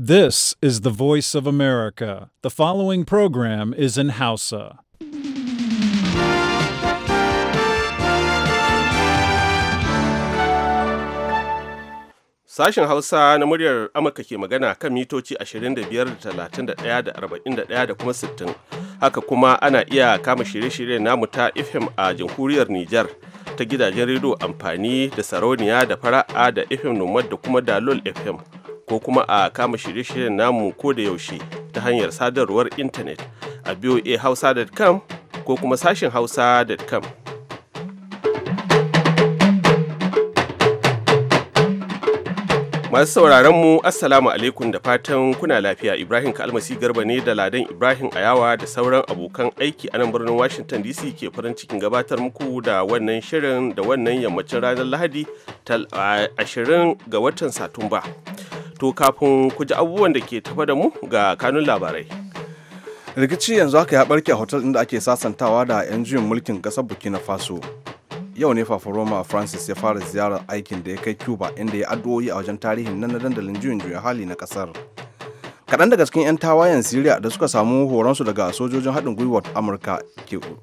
This is the voice of America. The following program is in Hausa. Sashen Hausa na muryar Amurka ke magana kan mitoci 25 da kuma 60. Haka kuma ana iya kama shirye shirye namu ta FM a jamhuriyar Nijar ta gidajen rediyo amfani da sarauniya da fara'a da FM Nomad da kuma Dalol FM. ko kuma a kama shirye-shiryen namu ko da yaushe ta hanyar sadarwar intanet a voahausa.com ko kuma sashin hausa.com. Masu sauraron mu Assalamu alaikum da fatan kuna lafiya Ibrahim Kalmasi Garba ne da Ladan Ibrahim Ayawa da sauran abokan aiki a nan birnin Washington DC ke farin cikin gabatar muku da wannan shirin da wannan yammacin ranar Lahadi 20 ga watan Satumba. To kafin ku ji abubuwan da ke tafa da mu ga kanun labarai. Rikici yanzu haka ya barke a hotel inda ake sasantawa da 'yan juyin mulkin kasar Burkina Faso. Yau ne Fafaroma Francis ya fara ziyarar aikin da ya kai Cuba inda ya addu'o'i a wajen tarihin nan na dandalin juyin juya hali na kasar. Kaɗan daga cikin 'yan tawayen Siriya da suka samu horon su daga sojojin haɗin gwiwar Amurka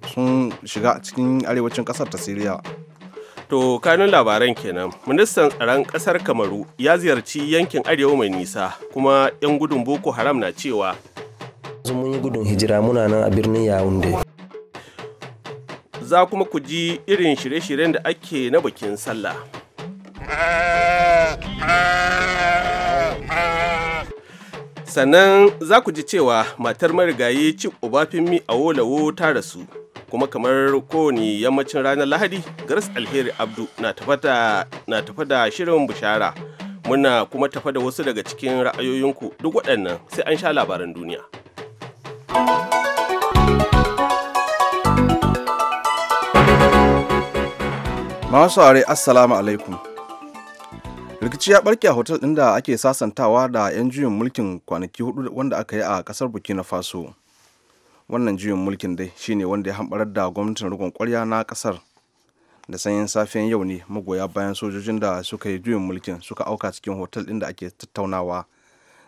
sun shiga cikin arewacin ƙasar ta Siriya To kanun labaran kenan. Ministan tsaron ƙasar Kamaru ya ziyarci yankin Arewa mai nisa kuma 'yan gudun Boko Haram na cewa. mun yi gudun hijira muna nan a birnin Yaounde. Za kuma ku ji irin shirye-shiryen da ake na bikin sallah. Sannan za ku ji cewa matar marigayi Chief Obafemi Awolowo ta rasu. kuma kamar kowane yammacin ranar lahadi garas alheri abdu na tafa da shirin bishara muna kuma tafa da wasu daga cikin ra'ayoyinku duk waɗannan sai an sha labaran duniya masu are assalamu alaikum rikici ya barke a hotel ɗin da ake sasantawa da 'yan juyin mulkin kwanaki hudu wanda aka yi a ƙasar burkina faso wannan juyin mulkin dai shine wanda ya haɓar da gwamnatin rikon kwarya na kasar da sanyin safiyan yau ne magoya bayan sojojin da suka yi juyin mulkin suka auka cikin hotel din da ake tattaunawa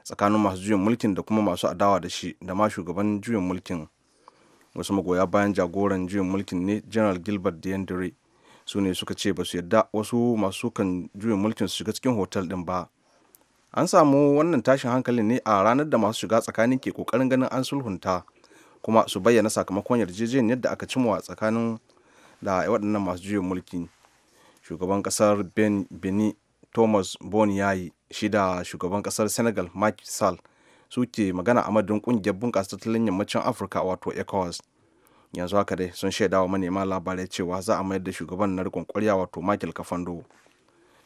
tsakanin masu juyin mulkin da kuma masu adawa da shi da ma shugaban juyin mulkin wasu magoya bayan jagoran juyin mulkin ne general gilbert diendere su ne suka ce ba su yarda wasu masu kan juyin mulkin su shiga cikin hotel din ba an samu wannan tashin hankalin ne a ranar da masu shiga tsakanin ke kokarin ganin an sulhunta kuma su bayyana sakamakon yarjejeniyar da aka cimma tsakanin da waɗannan masu juyin mulki shugaban ƙasar beni thomas bon yayi shi da shugaban kasar senegal Macky Sall suke magana a madadin ƙungiyar bunƙasa tattalin yammacin afirka wato ecowas yanzu haka dai sun shaida wa manema labarai cewa za a mayar da shugaban na riƙon ƙwarya wato michael kafando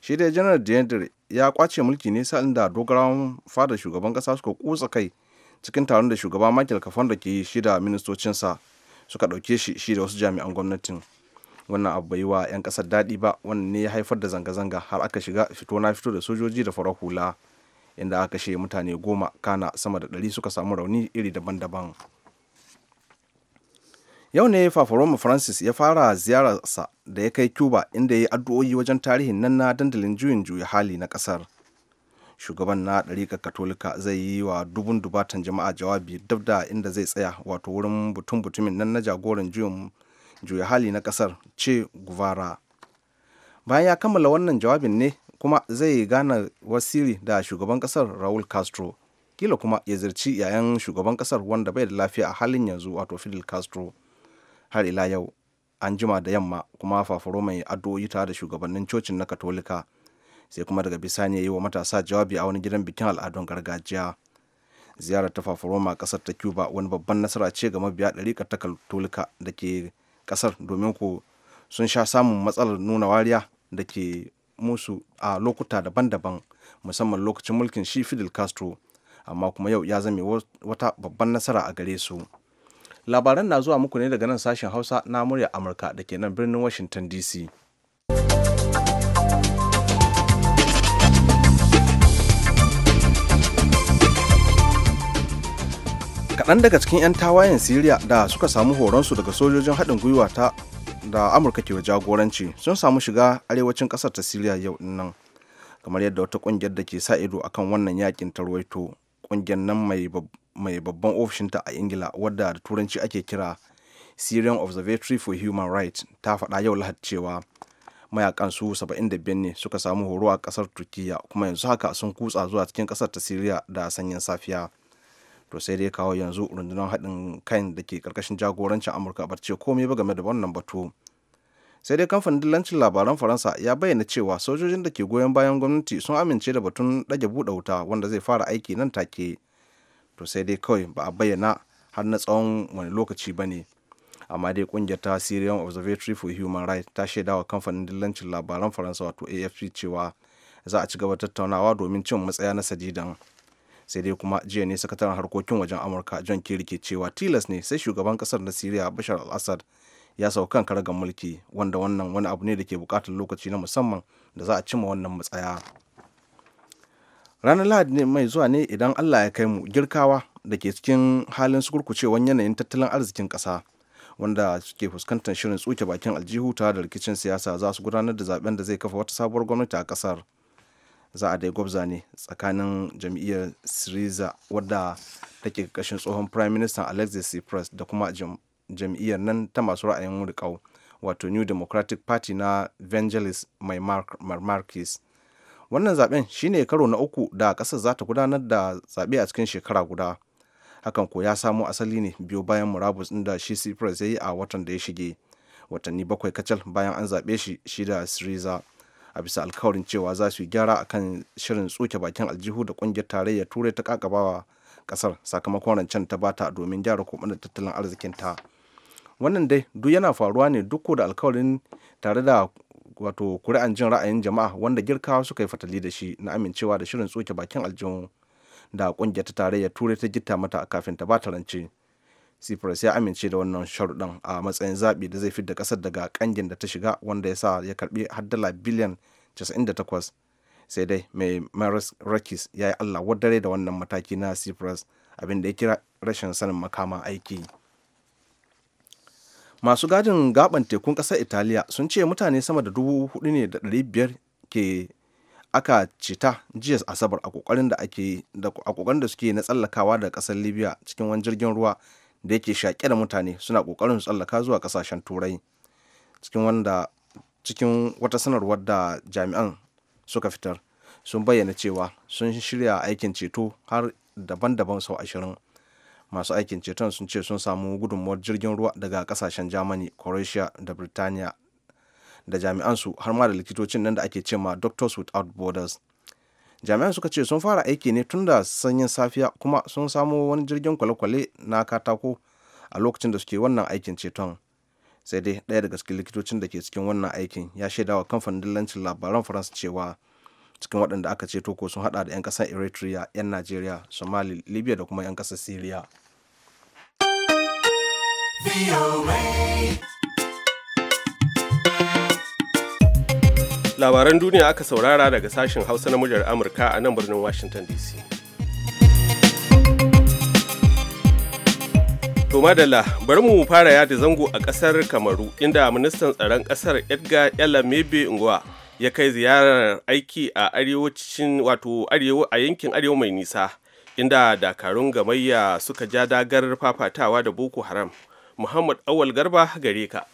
shi dai janar diendere ya kwace mulki ne sa'in da dogarawan fada shugaban ƙasa suka kutsa kai cikin taron da shugaba michael Kafon da ke shi da ministocinsa suka ɗauke shi shi da wasu jami'an gwamnatin wannan abu bai wa 'yan kasar daɗi ba wannan ne ya haifar da zanga-zanga har aka shiga fito na fito da sojoji da farar hula inda aka shi mutane goma kana sama da ɗari suka samu rauni iri daban-daban yau ne fafaroma francis ya fara ziyararsa da ya kai cuba inda ya yi addu'o'i wajen tarihin nan na dandalin juyin juya hali na kasar. shugaban na ɗariƙar katolika zai yi wa dubun dubatan jama'a jawabi dab da inda zai tsaya wato wurin butun butumin nan na jagoran juya hali na ƙasar ce guvara bayan ya kammala wannan jawabin ne kuma zai gane wasiri da shugaban ƙasar raul castro kila kuma ya zirci yayan shugaban ƙasar wanda bai da lafiya a halin yanzu wato fidel castro har ila yau an jima da yamma kuma fafaro mai addu'o'i tare da shugabannin cocin na katolika sai kuma daga bisani ya yi wa matasa jawabi a wani gidan bikin al'adun gargajiya ziyarar ta a kasar ta cuba wani babban nasara ce ga mabiya ɗari ta katolika da ke kasar domin ku sun sha samun matsalar nuna wariya da ke musu a lokuta daban-daban musamman lokacin mulkin shi fidel castro amma kuma yau ya zame wata babban nasara a gare su labaran na zuwa muku ne daga nan sashen hausa na murya amurka da ke nan birnin washington dc kaɗan daga cikin 'yan tawayen siriya da suka samu horonsu daga sojojin haɗin gwiwa ta da amurka ke jagoranci sun samu shiga arewacin ƙasar ta siriya yau nan kamar yadda wata ƙungiyar da ke sa ido akan wannan yakin ta ruwaito ƙungiyar nan mai babban ofishinta a ingila wadda da turanci ake kira syrian observatory for human rights ta faɗa yau lahad cewa mayakan su 75 ne suka samu horo a ƙasar turkiya kuma yanzu haka sun kutsa zuwa cikin ƙasar ta siriya da sanyin safiya to sai dai kawo yanzu rundunar haɗin kan da ke ƙarƙashin jagorancin amurka ba ce komai ba game da wannan batu sai dai kamfanin dillancin labaran faransa ya bayyana cewa sojojin da ke goyon bayan gwamnati sun amince da batun ɗage buɗe wuta wanda zai fara aiki nan take to sai dai kawai ba a bayyana har na tsawon wani lokaci ba ne amma dai kungiyar ta syrian observatory for human rights ta shaidawa kamfanin dillancin labaran faransa wato afp cewa za a ci gaba tattaunawa domin cin matsaya na sadidan sai dai kuma jiya ne sakataren harkokin wajen amurka john kerry ke cewa tilas ne sai shugaban kasar na syria bashar al-assad ya sauka kan karagar mulki wanda wannan wani abu ne da ke bukatar lokaci na musamman da za a cimma wannan matsaya ranar lahadi ne mai zuwa ne idan allah ya kai mu girkawa da ke cikin halin sukurkucewan yanayin tattalin arzikin kasa wanda suke fuskantar shirin tsuke bakin aljihu tare da rikicin siyasa za su gudanar da zaben da zai kafa wata sabuwar gwamnati a kasar. za a dai gwabza ne tsakanin jam'iyyar syriza wadda take kashin tsohon prime minister alexis tsipras da kuma jam'iyyar nan ta masu ra'ayin rikau wato new democratic party na vangelis mai marmarkis wannan zaben shine karo na uku da ƙasar za ta gudanar da zaɓe a cikin shekara guda hakan ko ya samo asali ne biyo bayan murabus inda shi Tsipras ya yi a watan da ya shige watanni bakwai kacal bayan an zaɓe shi shi da syriza a bisa alkawarin cewa za su yi gyara a kan shirin tsoke bakin aljihu da kungiyar tarayyar turai ta kakabawa kasar sakamakon rancen ta bata domin gyara da tattalin arzikin ta wannan dai duk yana faruwa ne duk da alkawarin tare da wato kuri'an jin ra'ayin jama'a wanda girkawa suka yi fatali da shi na amincewa da shirin tsoke bakin aljihu da kungiyar ta tarayyar turai ta gitta mata kafin ta bata rance cyprus ya amince da wannan sharuɗin a matsayin zaɓi da zai fidda ƙasar daga ƙangin da ta shiga wanda ya sa ya karɓi har dala biliyan 98 sai dai mai maris rakis ya yi allah wadare da wannan mataki na cyprus abin da ya kira rashin sanin makama aiki masu gadin gaban tekun ƙasar italiya sun ce mutane sama da dubu hudu ne da ɗari biyar ke aka cita jiya asabar a kokarin da suke na tsallakawa daga kasar libya cikin wani jirgin ruwa da yake shaƙe da mutane suna ƙoƙarin tsallaka zuwa ƙasashen turai cikin wanda cikin wata sanarwar da jami'an suka fitar sun bayyana cewa sun shirya aikin ceto har daban-daban sau ashirin masu aikin ceton sun ce sun samu gudunmuwar jirgin ruwa daga kasashen germany croatia da britania da jami'ansu har ma da likitocin nan da ake cema doctors without borders jami'an suka ce sun fara aiki ne tun da sanyin safiya kuma sun samo wani jirgin kwale-kwale na katako a lokacin da suke wannan aikin ceton sai dai ɗaya daga cikin likitocin da ke cikin wannan aikin ya shaida wa kamfanin dillancin labaran faransa cewa cikin waɗanda aka ceto ko sun haɗa da 'yan ƙasar eritrea 'yan najeriya somali libya da kuma 'yan ƙasar syria labaran duniya aka saurara daga sashen hausa na muryar amurka a nan birnin washington dc to madalla bari mu fara yada zango a kasar kamaru inda ministan tsaron kasar edgar mebe nguwa ya kai ziyarar aiki a arewacin wato arewa a yankin arewa mai nisa inda dakarun gamayya suka ja dagar fafatawa da boko haram muhammad awal garba gare ka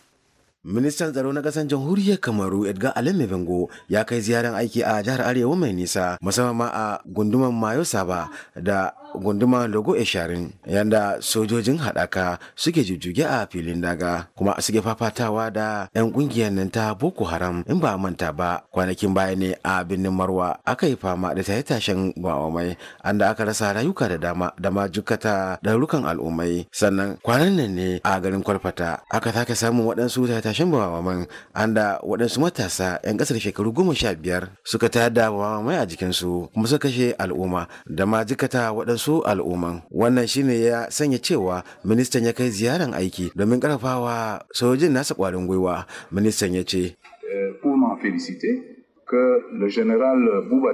Ministan tsaro na ƙasar jamhuriyar Kamaru Edgar Alemme Bengo ya kai ziyaran aiki a jihar Arewa mai nisa musamman ma a gunduman Mayo Saba da gunduman Logo Esharin yanda sojojin haɗaka suke jujjuge a filin daga kuma suke fafatawa da 'yan ƙungiyar nan ta Boko Haram in ba manta ba kwanakin baya ne a birnin Marwa aka yi fama da tayi tashen gwamamai anda aka rasa rayuka da dama da ma jukata rukan al'ummai sannan kwanan nan ne a garin Kwalfata aka sake samun waɗansu tayi kasashen tashen an da waɗansu matasa 'yan ƙasar shekaru goma sha biyar suka tayar da bamamai a jikinsu kuma suka kashe al'umma da ma jikata waɗansu al'umman wannan shine ya sanya cewa ministan ya kai ziyaran aiki domin ƙarfafawa sojojin nasa ƙwarin gwiwa ministan ya ce. Eh, pour m'en féliciter que le général Bouba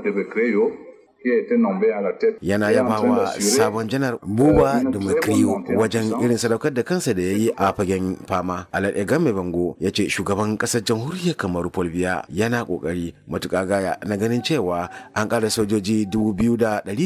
yana wa sabon janar buba da makriyo wajen irin sadaukar da kansa da ya yi a fagen fama alade game bango ya ce shugaban kasar jamhuriyar kamaru polbiya yana kokari matuka gaya na ganin cewa an ƙara sojoji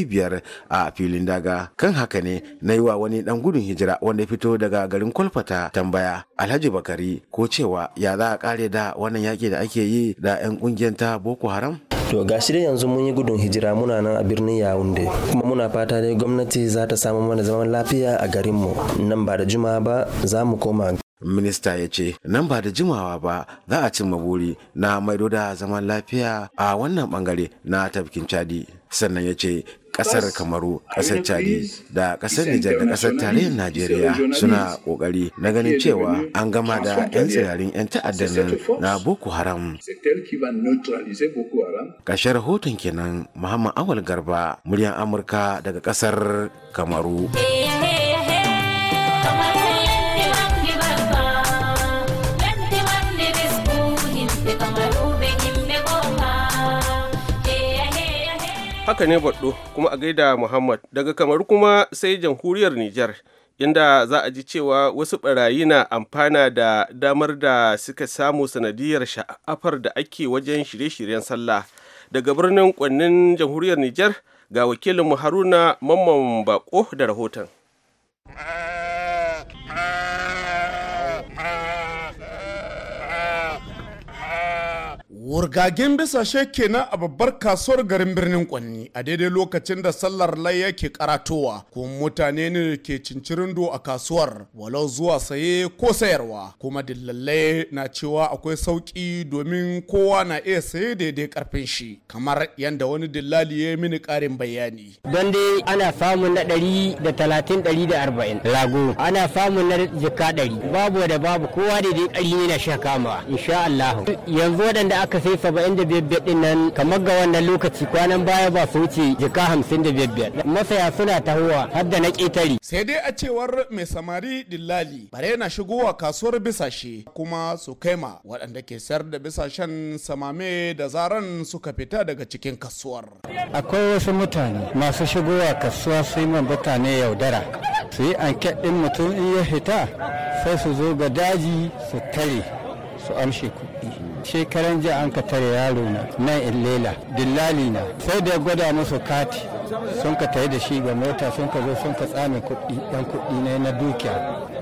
biyar a filin daga kan haka ne na yi wa wani dan gudun hijira wanda ya fito daga garin kwalfata tambaya alhaji bakari ko cewa ya za a kare da wannan yaƙi da ake yi da 'yan ƙungiyar ta boko haram to gashi dai yanzu mun yi gudun hijira muna nan a birnin yaounde kuma muna fata dai gwamnati za ta samu mana zaman lafiya a garinmu nan ba da juma'a ba za mu koma minista ya ce nan ba da jimawa ba za a cimma buri na maido da zaman lafiya a wannan bangare na tafkin chadi sannan ya ce kasar kamaru kasar chadi da kasar nijar da kasar tarayyar najeriya suna kokari na ganin cewa an gama da 'yan tsirarin 'yan ta'addanin nan na boko haram ƙarshen rahoton kenan muhammad awal garba muryan amurka daga kasar kamaru haka ne baɗo kuma a gaida muhammad daga kamar kuma sai jamhuriyar nijar inda za a ji cewa wasu barayi na amfana da damar da suka samu sanadiyar sha'afar da ake wajen shirye-shiryen sallah daga birnin kwannin jamhuriyar nijar ga wakilinmu haruna mamman bako da rahoton wurgagen bisa kenan a babbar kasuwar garin birnin kwanni a daidai lokacin da sallar layya ke karatowa kuma mutane ne ke cincirindo a kasuwar walau zuwa saye ko sayarwa kuma dillallai na cewa akwai sauki domin kowa na iya saye daidai karfin shi kamar yadda wani dillali ya mini karin bayani don dai ana famun na ɗari da talatin ɗari da arba'in rago ana famun na jika ɗari babu da babu kowa daidai ɗari ne na sha kama insha yanzu waɗanda aka aka sai saba'in da biyar din nan kamar ga wannan lokaci kwanan baya ba su wuce jika hamsin da biyar masaya suna tahowa har da na ƙetare. sai dai a cewar mai samari dillali bare na shigowa kasuwar bisashe kuma su kaima waɗanda ke sayar da bisashen samame da zaran suka fita daga cikin kasuwar. akwai wasu mutane masu shigowa kasuwa su yi mutane yaudara su yi anket ɗin mutum in ya fita sai su zo ga daji su tare su amshe kuɗi shekaran jiya an ka tare yaro na nan illela dillali na sai da ya gwada musu kati sun ka tare da shi ga mota sun ka zo sun ka tsame kuɗi ɗan kuɗi na na dukiya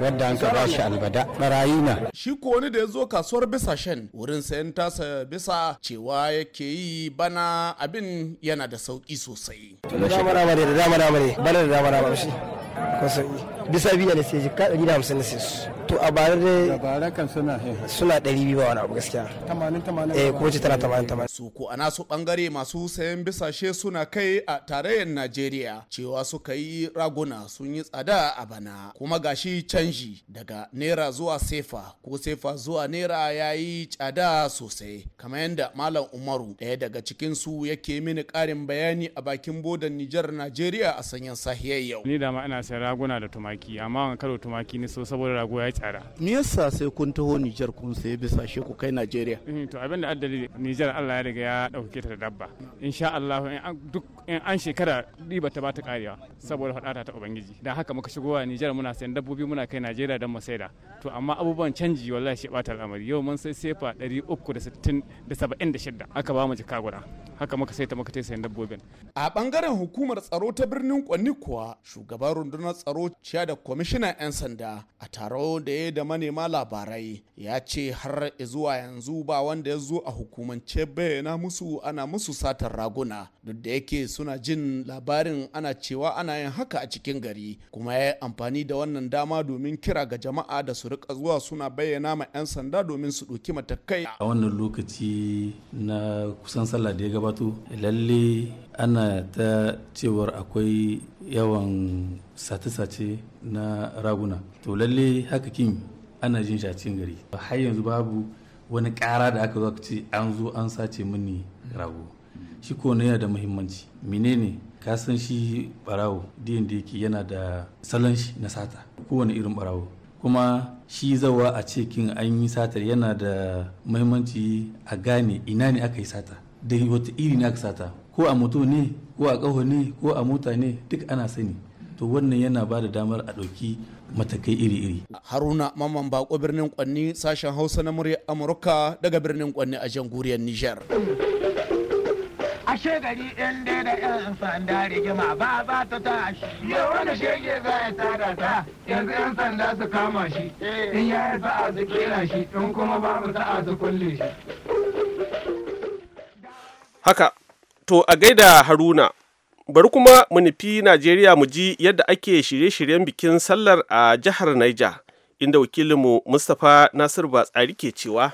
wadda an ka ba shi albada barayi na. shi ko wani da ya zo kasuwar bisa shan wurin sayan tasa bisa cewa yake yi bana abin yana da sauki sosai. da dama dama da dama dama ne bana da dama dama shi bisa biya ne sai jikka ɗari da hamsin na sai su. to a bara dai suna ɗari biyu wani abu gaskiya eh ko ce tana tamanin tamanin su ko ana su bangare masu sayan bisashe suna kai a tarayyar Najeriya cewa suka yi raguna sun yi tsada a bana kuma gashi canji daga naira zuwa sefa ko sefa zuwa naira yi tsada sosai kamar yadda malam Umaru daya daga cikin su yake mini karin bayani a bakin bodan Nijar Najeriya a sanyin sahiyar yau ni da ma ina sayan raguna da tumaki amma karo tumaki ni so saboda rago ya tsada me yasa sai kun taho Nijar kun sai bisa shi kai Najeriya eh, to abin da addali Nijar Allah ya riga ya dauke ta da dabba insha Allah duk in an shekara riba ta ba ta karewa saboda fadata ta ubangiji da haka muka a Nijar muna sayan dabbobi muna kai Najeriya dan mu saida to amma abubuwan canji wallahi shi bata al'amari yau mun sai sefa da 376 aka ba mu jika guda haka muka sai ta muka sayan dabbobin a bangaren hukumar tsaro ta birnin Kwanni kuwa shugaban rundunar tsaro ciya da kwamishinan 'yan sanda a taron da ya da manema labarai ya ce har zuwa yanzu ba wanda ya zo a hukumance bayyana musu ana musu satar raguna duk da yake suna jin labarin ana cewa ana yin haka a cikin gari kuma ya yi amfani da wannan dama domin kira ga jama'a da su rika zuwa suna bayyana ma 'yan sanda domin su ɗauki matakai a wannan lokaci na kusan sallah da ya gabato lalle ana ta cewar akwai yawan sace-sace na raguna to lalle haka kin ana jin shi a cikin gari har yanzu babu wani kara da aka zo ce an zo an sace mini rago shi ko yana da muhimmanci menene ka san shi barawo diyan da yake yana da salon shi na sata kowane irin barawo kuma shi zawa a ce kin an yi satar yana da muhimmanci a gane ina ne aka yi sata da wata iri ne aka sata ko a mutum ne ko a ƙaho ne ko a mota ne duk ana sani to wannan yana ba da damar a ɗauki matakai iri-iri. Haruna Mamman Bako birnin Kwanni sashen Hausa na murya Amurka daga birnin Kwanni a jamhuriyar Nijar. Ashe gari ɗin dai da ƴan sanda rigima ba ba ta tashi. Ya wani shege za ya tada ta yanzu ƴan sanda su kama shi. Eh. In ya yi sa'a su kera shi in kuma babu sa'a su kulle shi. Haka To a gaida Haruna, bari kuma mu nufi Najeriya mu ji yadda ake shirye-shiryen bikin sallar a jihar Niger, inda wakilinmu Mustapha Nasir Batsari ke cewa.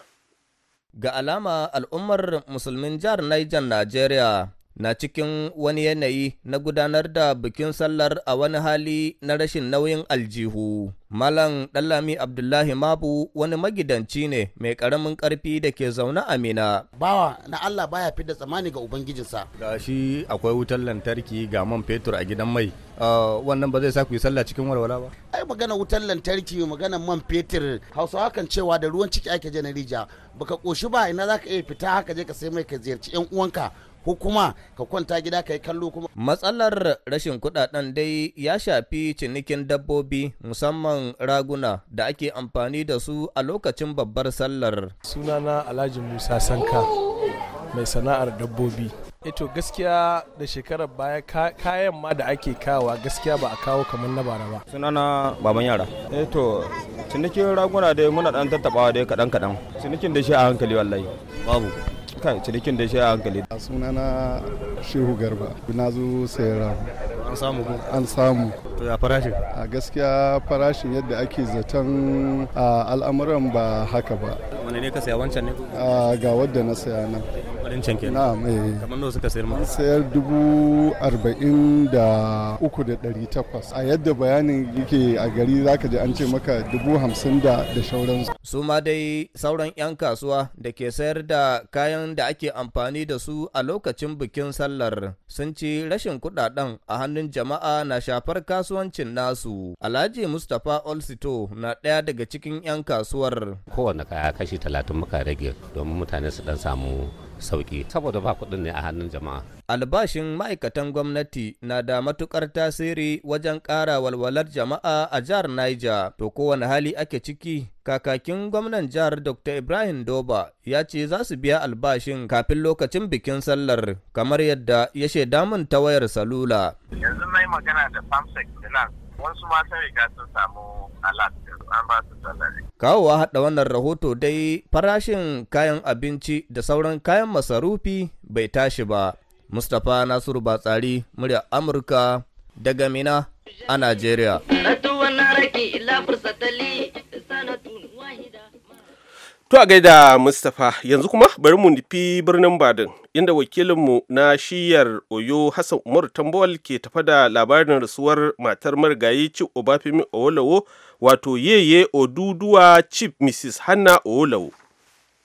Ga alama al'ummar musulmin jihar Niger Najeriya na cikin wani yanayi na gudanar da bikin sallar a wani hali na rashin nauyin aljihu. Malam Dallami Abdullahi Mabu wani magidanci ne mai ƙaramin ƙarfi da ke zaune Amina. Bawa na Allah baya fi da tsamani ga Ubangijinsa. Ga shi akwai wutar lantarki ga man fetur a gidan mai. Ah, wannan ba zai sa ku yi sallah cikin walwala ba. Ai magana wutar lantarki magana man fetur Hausawa kan cewa da ruwan ciki ake janarija baka ƙoshi ba ina za ka iya fita haka je ka sai mai ka ziyarci 'yan uwanka ko kuma ka kwanta gida ka yi kallo kuma. Matsalar rashin kuɗaɗen dai ya shafi cinikin dabbobi musamman raguna da ake amfani da su a lokacin babbar sallar. Sunana Alhaji Musa Sanka mai sana'ar dabbobi. Eto, eh gaskiya da shekarar baya kayan ma da ake kawa gaskiya ba a kawo kamar na bara ba. Sunana baban yara. Eto, eh cinikin raguna dai muna ɗan tattaɓawa dai kaɗan-kaɗan. Cinikin da shi a hankali wallahi. Babu. kan cinikin da shi a hankali a sunana shehu garba na zo sayar an samu ko an samu to ya farashin a gaskiya farashin yadda ake zaton al'amuran ba haka ba wani ne ka saya wancan ne ga wadda na saya nan kudin can kenan eh. kamar nawa suka sayar sayar dubu a yadda bayanin yake a gari zaka ji an ce maka dubu hamsin da da shauransu su ma dai sauran 'yan kasuwa da ke sayar da kayan da ake amfani da su a lokacin bikin sallar sun ci rashin kuɗaɗen a hannun jama'a na shafar kasuwancin nasu alhaji mustapha olsito na ɗaya daga cikin 'yan kasuwar kowane kaya kashi talatin muka rage domin mutane su dan samu sauki saboda ba kudin ne a hannun jama'a. Albashin ma'aikatan gwamnati na da matukar tasiri wajen ƙara walwalar jama'a a jihar Niger to kowane hali ake ciki kakakin gwamnan jihar Dr. Ibrahim Doba ya ce za su biya albashin kafin lokacin bikin sallar kamar yadda ya shaida mun ta wayar salula. Yanzu na magana da Famsec Finance wasu ma riga sun samu alat an ba su Kawowa haɗa wannan rahoto dai farashin kayan abinci da sauran kayan masarufi bai tashi ba. Mustapha Nasiru Batsari, murya Amurka daga Mina a Najeriya. To a gaida Mustapha yanzu kuma bari mu nufi birnin Badin inda wakilinmu na shiyar Oyo Hassan umar Tambawal ke tafa da labarin rasuwar matar marigayi Chief Obafemi Owolowo wato yeye Oduduwa Chief Mrs. Hannah Owolowo.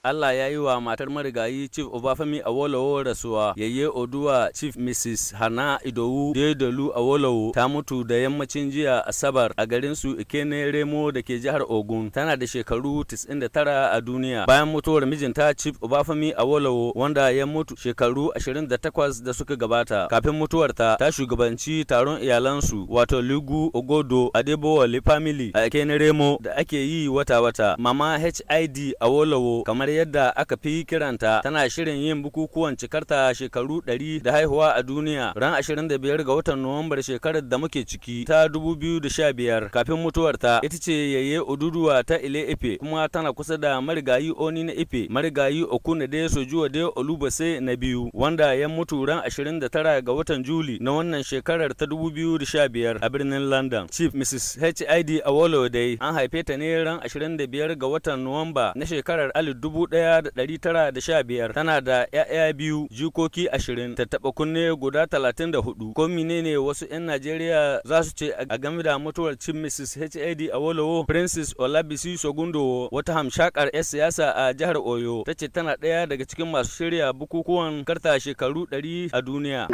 Allah ya yi wa matar marigayi Chief Obafemi Awolowo rasuwa, yayye Oduwa Chief Mrs. Hana Idowu Dedolu Awolowo ta mutu da yammacin jiya Asabar a garin su Ikene Remo da ke jihar Ogun. Tana da shekaru 99 a duniya. Bayan mutuwar mijinta Chief Obafemi Awolowo wanda ya mutu shekaru 28 da suka gabata. Kafin mutuwar ta ta shugabanci taron iyalansu wato Lugu Ogodo Adebowale Family a Ikene Remo da ake yi wata-wata. Mama HID Awolowo kamar yadda aka fi kiranta tana shirin yin bukukuwan cikarta shekaru 100 da haihuwa a duniya ran 25 ga watan Nuwambar shekarar da muke ciki ta 2015 kafin mutuwarta ita ce yayye Oduduwa ta Ile Ife kuma tana kusa da marigayi Oni na Ife marigayi Okunade Sojuwade Olubase na biyu wanda ya mutu ran 29 ga watan Juli na wannan shekarar ta 2015 a birnin London Chief Mrs HID dai. an haife ta ne ran 25 ga watan Nuwamba na shekarar dubu. 1915 tana da 'ya'ya biyu jikoki 20 taba kunne guda 34 ko menene wasu 'yan Najeriya za su ce a game da mutuwar cin Mrs. a Awolowo Princess Olabisi Sogundo wata hamshakar 'yan siyasa a jihar Oyo ta ce tana ɗaya daga cikin masu shirya bukukuwan karta shekaru 100 a duniya.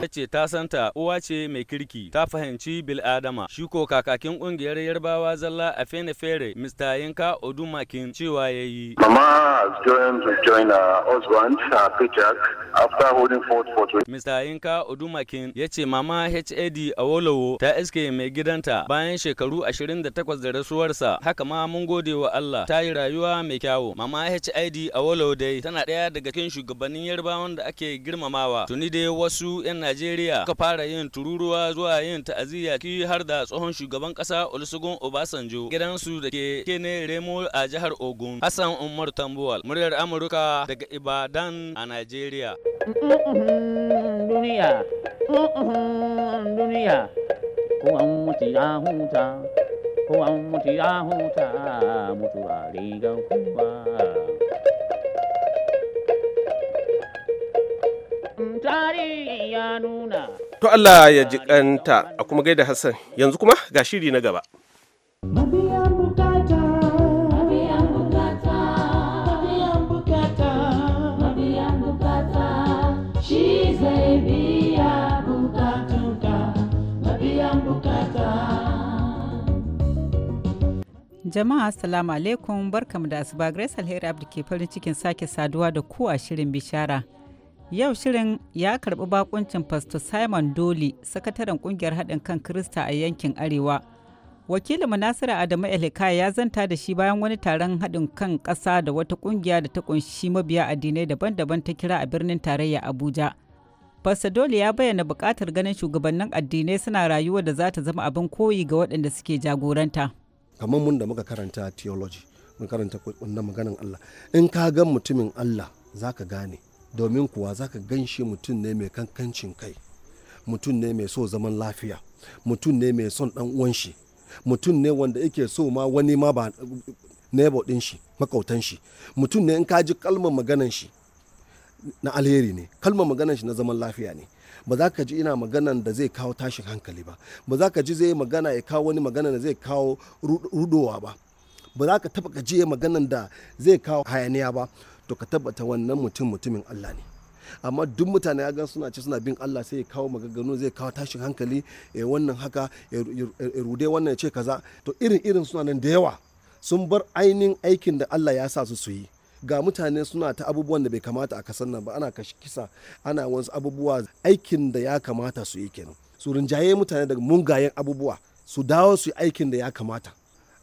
Ta ce ta santa uwa ce mai kirki ta fahimci bil'adama shi ko kakakin ƙungiyar yarbawa zalla a fene fere Mr. Yinka Oduma makin cewa ya yi. Mama joined to join her husband, her paycheck, after holding forth for two. Mr. Inka Odumakin ya ce mama HAD wolowo ta iske mai gidanta bayan shekaru ashirin da da rasuwarsa. Haka ma mun gode wa Allah ta yi rayuwa mai kyawu. Mama HID wolowo dai tana ɗaya daga cikin shugabannin Yarbawan da ake girmamawa. Tuni dai wasu 'yan Najeriya suka fara yin tururuwa zuwa yin ta'aziyya ki har da tsohon shugaban ƙasa Olusegun Obasanjo gidansu da ke ne Remo a jihar Ogun, Hassan Umar Tambuwal, muryar Amurka daga Ibadan a Najeriya. Duniya, duniya, ko ya huta, ya huta, mutu a rigar To Allah ya jikanta a kuma gaida Hassan yanzu kuma ga shiri na gaba. Jama'a assalamu alaikum barkamu da asuba Grace Alheri Abdi ke farin cikin sake saduwa da ku a shirin bishara. Yau shirin ya karbi bakuncin Pastor Simon Doli, sakataren kungiyar haɗin kan Krista a yankin Arewa. Wakilin Nasiru Adamu Elika ya zanta da shi bayan wani taron haɗin kan ƙasa da wata ƙungiya da ta ƙunshi mabiya addinai daban-daban ta kira a birnin tarayya Abuja. Pastor Doli ya bayyana buƙatar ganin shugabannin addinai suna rayuwa da za ta zama abin koyi ga waɗanda suke jagoranta. kamar mun da muka karanta theology mun karanta wannan maganan Allah in ka gan mutumin Allah za ka gane domin kuwa za ka gan mutum ne mai kankancin kai mutum ne mai so zaman lafiya mutum ne mai son dan uwan shi mutum ne wanda yake so ma wani ma ba neighbor din shi makautan shi mutum ne in ka ji kalmar maganan shi na alheri ne kalmar maganan shi na zaman lafiya ne ba za ka ji ina maganan da zai kawo tashin hankali ba ba za ka ji zai magana ya kawo wani magana da zai kawo rudowa ba ba za ka taba ka ji maganan da zai kawo hayaniya ba to ka tabbata wannan mutum mutumin Allah ne amma duk mutane ya gan suna ce suna bin Allah sai ya kawo maganganu zai kawo tashin hankali ya wannan haka ya rude wannan ya ce kaza to irin irin suna nan da yawa sun bar ainihin aikin da Allah ya sa su su yi ga mutane suna ta abubuwan da bai kamata a kasan nan ba ana kashi kisa ana wasu abubuwa aikin da ya kamata su yi kenan su rinjaye mutane daga mungayen abubuwa su dawo su aikin da ya kamata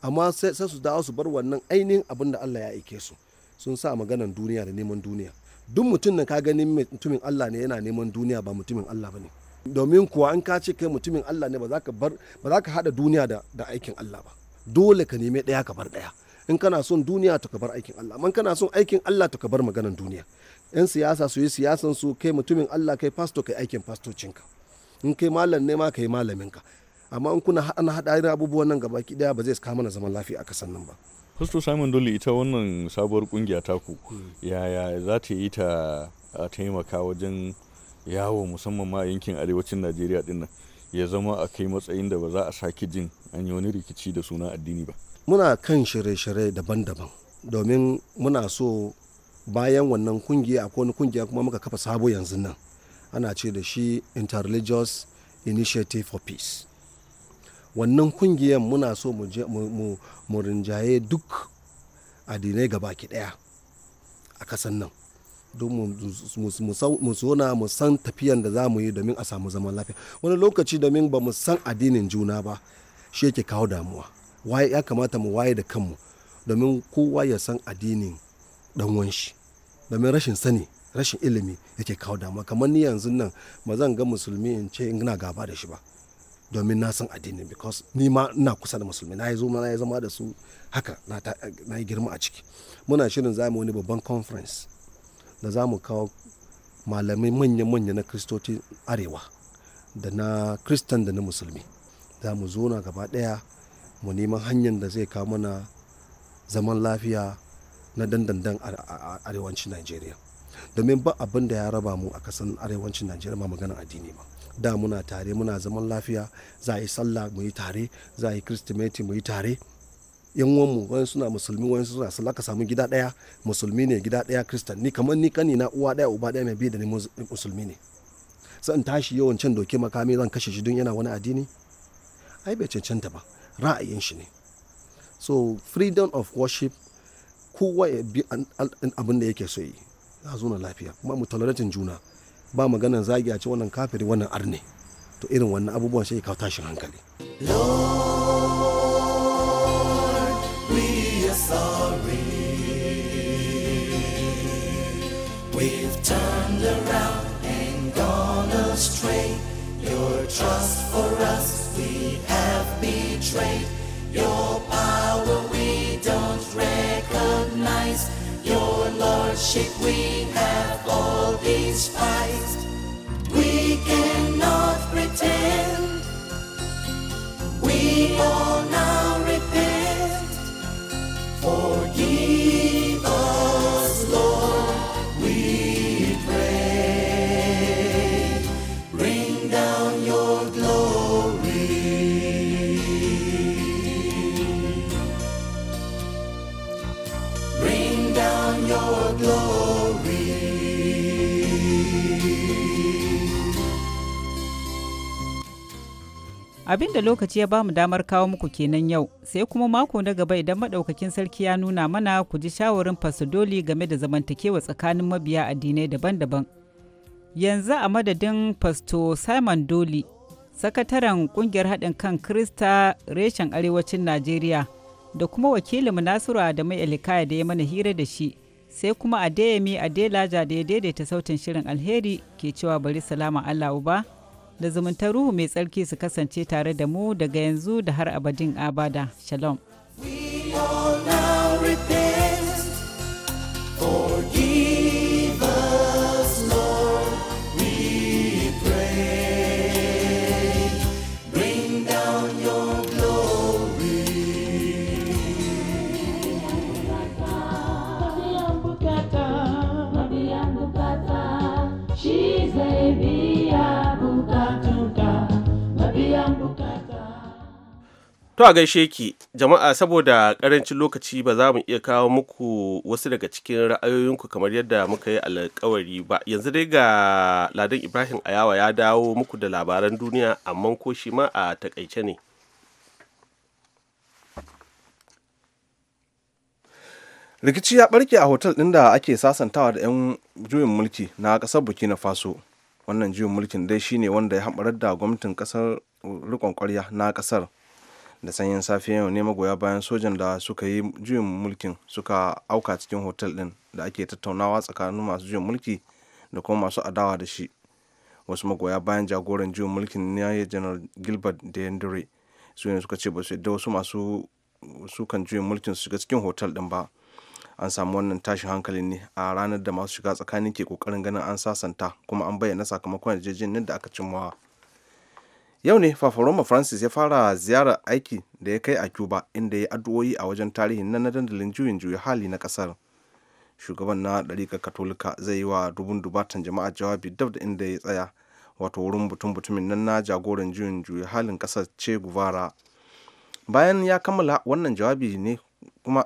amma sai su dawo su bar wannan ainihin abin da Allah ya aike su sun sa maganan duniya da neman duniya duk mutum da ka gani mutumin Allah ne yana neman duniya ba mutumin Allah bane domin kuwa an ka ce kai mutumin Allah ne ba za ka bar hada duniya da aikin Allah ba dole ka neme daya ka bar daya in kana son duniya ta kabar aikin Allah man kana son aikin Allah ta kabar maganan duniya yan siyasa su yi siyasan su kai mutumin Allah kai pastor kai aikin pastocinka in kai malam ne ma kai ka amma in kuna hada hada abubuwan nan gabaki daya ba zai kawo mana zaman lafiya a kasan nan ba Fasto Simon Dole ita wannan sabuwar kungiya taku hmm. yaya za ta yi ta taimaka wajen yawo musamman ma yankin arewacin Najeriya dinnan ya zama a kai matsayin da ba za a sake jin an yi wani rikici da suna addini ba. muna kan shirye-shirye daban-daban domin muna so bayan wannan kungiya a wani kungiya kuma muka kafa sabo yanzu nan ana ce da shi interreligious initiative for peace wannan kungiyar muna so mu rinjaye duk addinai gabaki daya a kasan nan don mu zona mu san tafiyan da za mu yi domin a samu zaman lafiya wani lokaci domin ba mu san addinin juna ba shi yake kawo damuwa waye ya kamata mu waye da kanmu domin kowa ya san addinin dan shi domin rashin sani rashin ilimi yake kawo dama kamar ni yanzu nan ba zan ga musulmi in ce ina gaba da shi ba domin na san addinin because ni ma ina kusa da musulmi na yi zo na zama da su haka na yi girma a ciki muna shirin za mu wani babban conference da za mu kawo malamai manya-manya na kristoci arewa da na kristan da na musulmi za mu zo na gaba daya mu neman hanyar da zai kawo mana zaman lafiya na dandandan arewacin nigeria domin ba abin da ya raba mu a kasan arewacin nigeria ma maganar addini ba da muna tare muna zaman lafiya za a yi sallah mu yi tare za a yi kristimeti mu yi tare yan uwanmu wani suna musulmi wani suna sallah ka samu gida daya musulmi ne gida daya kristan ni kamar ni kani na uwa daya uba daya mai bi da ni musulmi ne sai in tashi yawan can doke makami zan kashe shi don yana wani addini ai bai cancanta ba ra'ayin shi ne so freedom of worship kowa ya bi abin da yake so yi za zo na lafiya kuma mu toleratin juna ba magana zagi a ce wannan kafiri wannan arne to irin wannan abubuwan sai kawo tashin hankali Lord, trust for us we have been. demonstrate your power we don't recognize. Your lordship we have all these fights. We cannot pretend. We are. abin da lokaci ya bamu damar kawo muku kenan yau sai kuma mako na gaba idan madaukakin sarki ya nuna mana ku ji shawarin fasidoli game da zamantakewa tsakanin mabiya addinai daban-daban yanzu a madadin fasto simon doli sakataren kungiyar haɗin kan krista reshen arewacin najeriya da kuma wakilinmu nasiru adamu elikaya da ya mana hira da shi sai kuma adeyemi adelaja da ya daidaita sautin shirin alheri ke cewa bari salama allah uba da zumuntar ruhu mai tsarki su kasance tare da mu daga yanzu da har abadin abada shalom we To a gaishe ki jama'a saboda karancin lokaci ba za mu iya kawo muku wasu daga cikin ra'ayoyinku kamar yadda muka yi alkawari ba. Yanzu dai ga Ladan Ibrahim Ayawa ya dawo muku da labaran duniya amma ko shi ma a takaice ne. Rikici ya barke a hotel ɗin da ake sasantawa da 'yan juyin mulki na kasar Burkina Faso. Wannan juyin mulkin dai shine wanda ya hamɓarar da gwamnatin ƙasar riƙon ƙwarya na ƙasar da sanyin safiya yau ne magoya bayan sojan da suka yi juyin mulkin suka auka cikin hotel din da ake tattaunawa tsakanin masu juyin mulki da kuma masu adawa da shi wasu magoya bayan jagoran juyin mulkin ne janar gilbert da yandere su ne suka ce ba su yadda wasu masu sukan juyin mulkin su shiga cikin hotel din ba an samu wannan tashin hankali ne a ranar da masu shiga tsakanin ke kokarin ganin an sasanta kuma an bayyana sakamakon yarjejeniyar da aka cimma yau ne fafaroma francis ya fara ziyarar aiki da ya kai a cuba inda ya addu'o'i a wajen tarihin nan na dandalin juyin juya hali na kasar shugaban na ɗarika katolika zai yi wa dubun dubatan jama'a jawabi dab da inda ya tsaya wato wurin butun butumin nan na jagoran juyin juya halin kasar ce guvara bayan ya kammala wannan jawabi ne kuma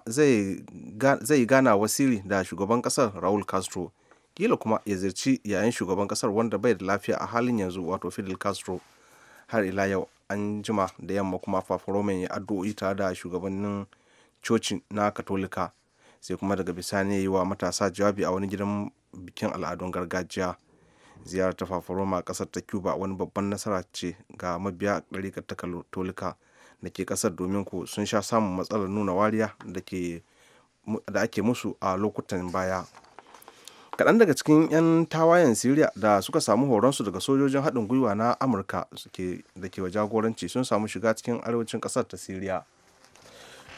zai gana wasiri da shugaban kasar raul castro kila kuma ya zirci yayin shugaban kasar wanda bai da lafiya a halin yanzu wato fidel castro har ila yau an jima da yamma kuma papa roman ya addu'o'i tare da shugabannin coci na katolika sai kuma daga bisani ya yi wa matasa jawabi a wani gidan bikin al'adun gargajiya ziyarar ta fafaroma kasar ta cuba wani babban nasara ce ga mabiya ɗarikar ta katolika da ke ƙasar domin ku sun sha samun matsalar nuna wariya da ake musu a lokutan baya kaɗan daga cikin 'yan tawayen siriya da suka samu horonsu daga sojojin haɗin gwiwa na amurka da ke wa jagoranci sun samu shiga cikin arewacin ƙasar ta siriya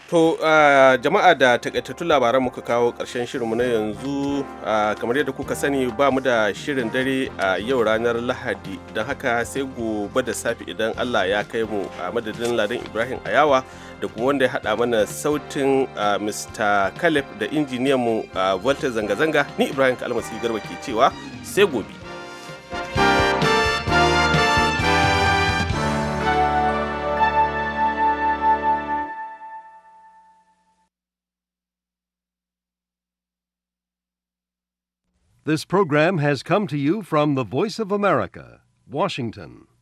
To jama'a da takaitattun labaran muka kawo ƙarshen shirinmu na yanzu kamar yadda kuka sani ba mu da shirin dare a yau ranar lahadi don haka sai gobe da safe idan Allah ya kai mu a madadin ladan Ibrahim Ayawa. da kuma wanda ya haɗa mana sautin mr caleb da injiniyanmu zanga-zanga ni ibrahim kalmasi garba ke cewa sai gobe This program has come to you from the Voice of America, Washington.